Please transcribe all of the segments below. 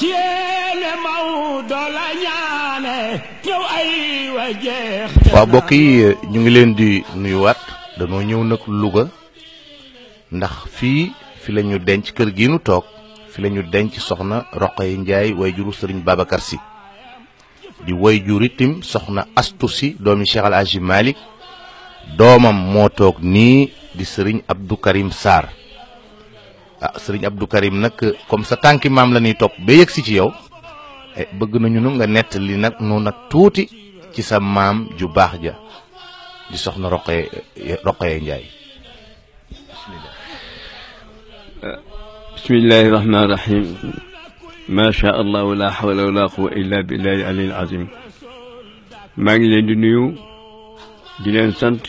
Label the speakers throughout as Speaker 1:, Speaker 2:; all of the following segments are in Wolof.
Speaker 1: ci yéene wa mbokk yi ñu ngi leen di nuyuwaat dañoo ñëw nag Louga ndax fii fi la ñu denc kër gi toog fi la ñu denc soxna Roqay Njaay way juru sëriñ Babacar Si di way jur itim soxna Astu Si doomi Cheikh Al Hadji doomam moo toog nii di sëriñ Abdou Karim saar ah sëriñ Abdou Karim nag comme sa tànki maam la ñuy topp ba yëg si ci yow eh, bëgg nañu nu nga nettali nag noonu nag tuuti ci sa maam ju baax ja di soxna roqo eh, Roqee Njaay bismillahi rahmaani rahim ma sha allah wala hawla wala quwwata illa billahi alil azim maa ngi leen di nuyu di leen sant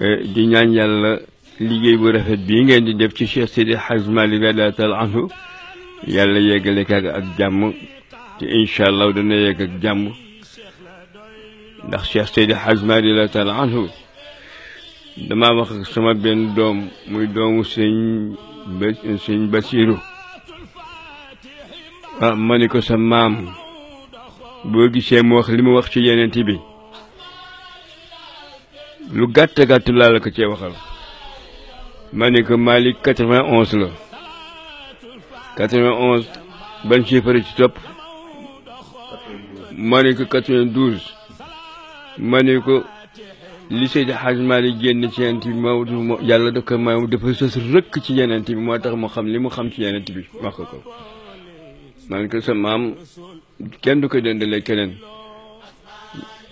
Speaker 1: eh, di ñaan yàlla liggéey bu rafet bii ngeen di def ci Cheikh Sidi Hadj Malick radiyallahu anhu yàlla yeggale ko ak jàmm te incha allah dana yegg ak jàmm ndax Cheikh Sidi Hadj Malick radiyallahu anhu damaa wax ak sama benn doom muy doomu sëñ ba sëñ ah, ma ni ko sa maam boo gisee mu wax li mu wax ci yeneen bi lu gàtt gàtt laa la ko cee waxal. ma ne ko Malick 91 la 91 ban chiffre ci topp ma ne ko 92 ma ne ko li Seydi Hadj Malick génn ci yenent bi moo yàlla da ko ma dafa sës rëkk ci yenent bi moo tax mu xam li mu xam ci yenent bi wax ko ko ma ne ko sa maam kenn du ko dendale keneen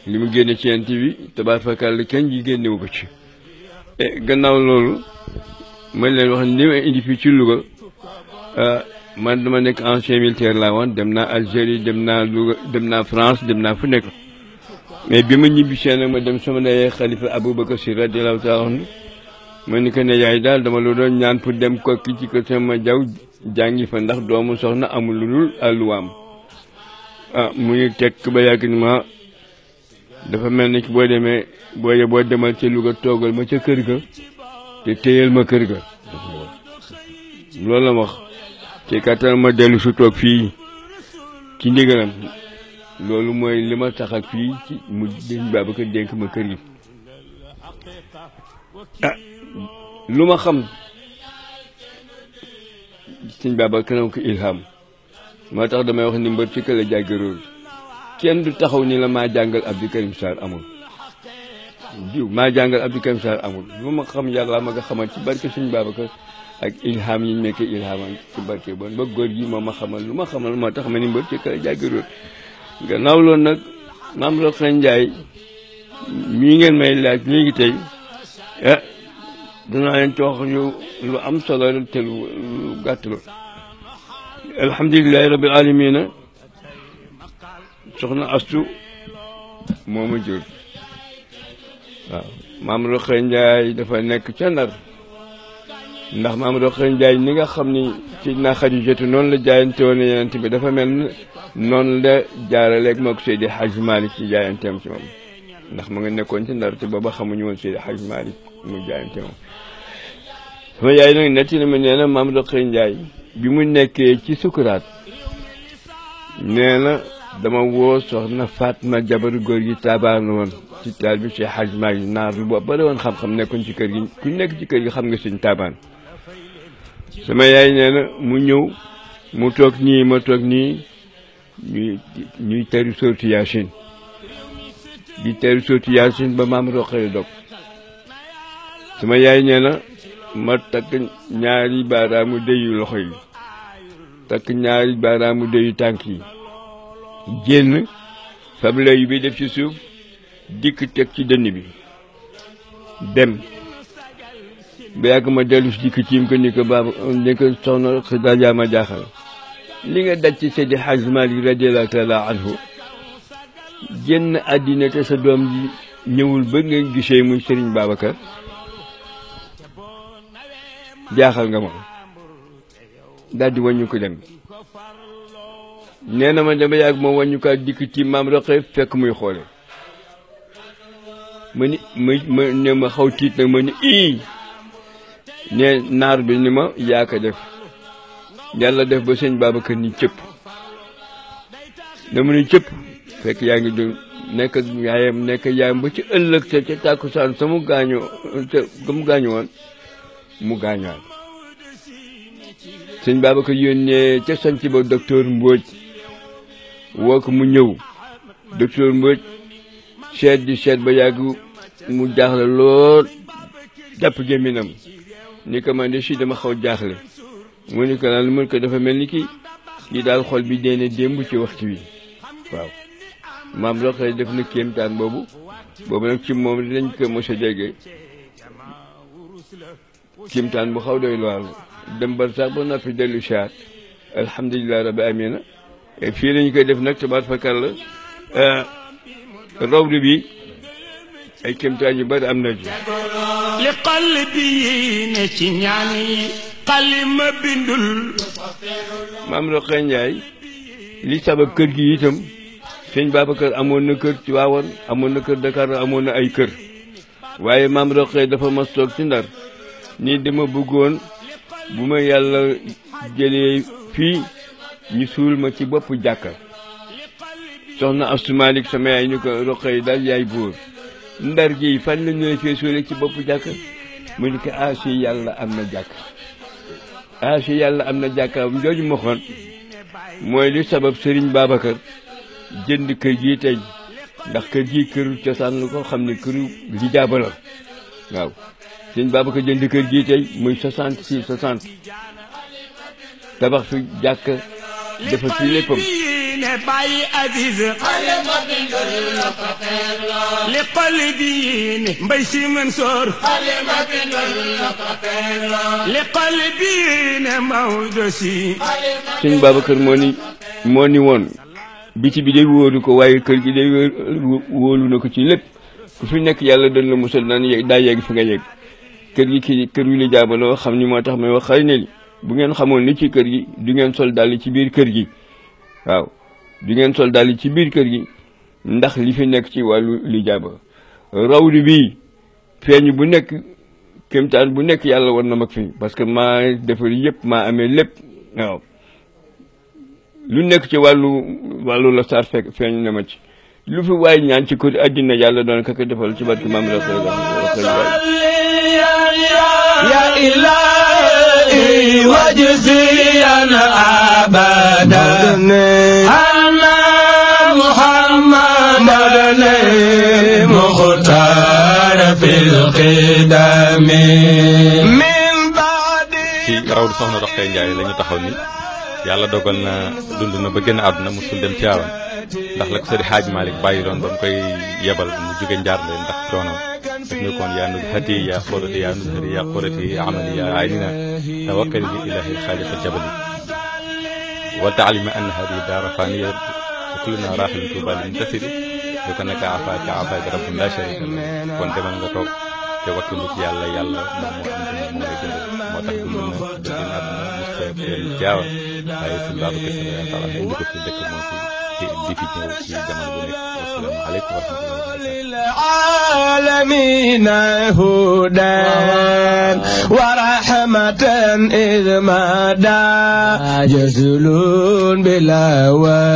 Speaker 1: li mu génne ci yenent bi tabaar fakal kenn ji génnewu ko ci eh, gannaaw loolu ma leen wax ni ma indi fii ci Louga ah, man dama nekk ancien militaire laa woon dem naa Algérie dem naa Louga dem naa France dem naa fu nekk mais bi ma ñibbisee nag ma dem sama yaay xalifa Aboubacar Si radiyallahu taala anhu ma ni ko ne yaay daal dama la doon ñaan pour dem kokki ci ko sama jaw jàngi fa ndax doomu soxna amul lu dul àlluwaam ah mu ngi tekk ba yàgg ma dafa mel ni boo demee boo boo demal ca Louga toogal ma ca kër ga te téyal ma kër ga loolu la wax ma dellu su fii ci mooy li ma tax ak fii ci mu dénk ma ah, lu ma xam sëñ Babacar na ko ilham moo tax damay wax ni mbër ci kële jàggarool kenn du taxaw ni la maa jàngal Abdou Karim Sarr amul jiw maa jàngal Abdou Karim amul lu ma xam yàlla ma nga xamal ci barke sëñ Babacar ak ilham yi nekk ilhaman ci barke ba góor gi moo ma xamal lu ma xamal moo tax ma ni mbër ci ka jàggiroon gannaaw loolu nag maam lool xan njaay mii ngeen may laaj léegi tey ah eh, dinaa leen ci wax lu am solo te lu gàtt la alhamdulilahi rabbil alamina soxna astu moo ma jur waaw maam lool dafa nekk ca ndax Mamadou Xarañ Njaay ni nga xam ni ci na Xadijatu noonu la jaayante woon yenent bi dafa mel ne noonu la jaaraleeg moog Seydi Hajj Malik ci jaayanteem ci moom ndax mu nga nekkoon ci ndar te booba xamuñu woon Seydi Hajj Malik mu jaayante moom sama yaay nag netti na ma nee na Njaay bi mu nekkee ci sukuraat nee na dama woo soxna Fatma jabaru góor gi taabaan woon ci taal bi Cheikh Hajj Malik naar lu ba bëri woon xam-xam nekkoon ci kër gi ku nekk ci kër gi xam nga sëñ taabaan sama yaay nee na mu ñëw mu toog nii ma toog nii ñuy ñuy teru sóotu yaasin di teru sóotu yaasin ba maam roqee dog sama yaay nee na ma takk ñaari baaraamu déyu loxo yi takk ñaari baaraamu déyu tànk yi génn fab layu bi def ci suuf dikk teg ci dënn bi dem ba yàgg ma dellu dikk ciim ko ni ko baaba ni soxna daa jaama jaaxal li nga daj ci Seydi Hadj Malick radiyallahu taala anhu ñëwul ba nga gisee muy Serigne Babacar jaaxal nga ma daal di wàññi ko dem nee na ma dama yàgg ma wàññi dikk ci maam roqee fekk muy xoole ma ni ne ma xaw tiit nag ma ni ii ne naar bi ni ma yaa ko def yàlla def ba sëñ Babacar ni cëpp dama ni cëpp fekk yaa ngi doon nekk yaayam nekk yaayam ba ci ëllëg te ca tàkkusaan sama gaañu te mu gaañu woon mu gaañuwaat sëñ Babacar yónnee ca ba docteur Mbodj woo mu ñëw docteur Mbodj seet di seet ba yàgg mu jaaxle lool jàpp gémminam ni ko de si dama xaw jaaxle mu ni ko lan mun ko dafa mel ni kii kii daal xol bi dee na démb ci waxtu wi waaw maam loo xëy def na kéemtaan boobu boobu nag ci moom dinañ ko mos a jege kéemtaan bu xaw doy lool dem ba sax ba noppi dellu siyaat alhamdulilah rabbi amina fii lañu koy def nag tabaat fakar la euh, rawdu bi ay kéemtaan yu bari am na ci li qalbi yi ne ci ñaan bindul maam Roqee Njaay li sabab kër gi itam sëñ Babacar amoon na kër ci waawoon amoon na kër Dakar amoon na ay kër waaye maam Roqee dafa mas toog ci ndar nii ma bëggoon bu ma yàlla jëlee fii ñu suul ma ci boppu jàkka soxna Astu sama yaay ñu ko Roqee daal yaay buur ndar gi fan la fee suule ci bopp jàkk mu ni ko aasi ah, yàlla am na jàkk aasi ah, yàlla am na jàkkaam jooju ma xoon mooy lu sabab sëriñ Babacar jënd kër gii tey ndax kër gii këru cosaan la xam ne këru li jaabala waaw sëriñ Babacar jënd kër gii tey muy soixante six soixante tabax fi jàkk dafa fi léppam ne bàyyi ba bi li xali ne mbay si Mansoor xale ba moo ni moo ni woon biti bi day wóolu ko waaye kër gi day wóolu na ko ci lépp ku fi nekk yàlla dañ la musal naan daa yegg fi nga yegg kër gi kii kër yu li xam ni moo tax may wax xëy bu ngeen xamoon li ci kër gi du ngeen sol daal ci biir kër gi waaw du ngeen sol daal ci biir kër gi ndax li fi nekk ci wàllu li jaaba rawdu bi feeñ bu nekk kéemtaan bu nekk yàlla war na mag fii parce que maa defar yëpp maa amee lépp waaw lu nekk ci wàllu wàllu la saar fekk na ma lu fi waay ñaan ci kër àddina yàlla doon kaka defal ci barke maam rasul ya ilahi wajziyan abadan ci rawdu soxna Roqee Njaay la ñu taxaw ni yàlla dogal na dund na ba génn àdduna musul dem ci yaaram ndax la ko sëriñ Xaaj Malik bàyyi doon ba mu koy yebal mu jóge njaar leen ndax doonam daf ñu koon yaa nuzhati yaa xurati yaa nuzhati yaa xurati yaa amali yaa aynina tawakkali bi ilahi xaaliq aljabali wa taalima anna hadihi daara faniya wa kulluna raaxilin tuuba lil muntasiri lu ko nekk afa ca afa ca rabbin laa sharika la kon demal nga toog te wattu ci yàlla yàlla moom moo am dund moo lay dund moo tax dund na dundin àdduna musta leen jaawa waaye suñu baabu kese la yàlla taala indi ko fi dëkk moom fi di fi ñëw ci jamono bu nekk wassalaamu aleykum wa rahmatullahi wa rahmatan idh mada jazlun bila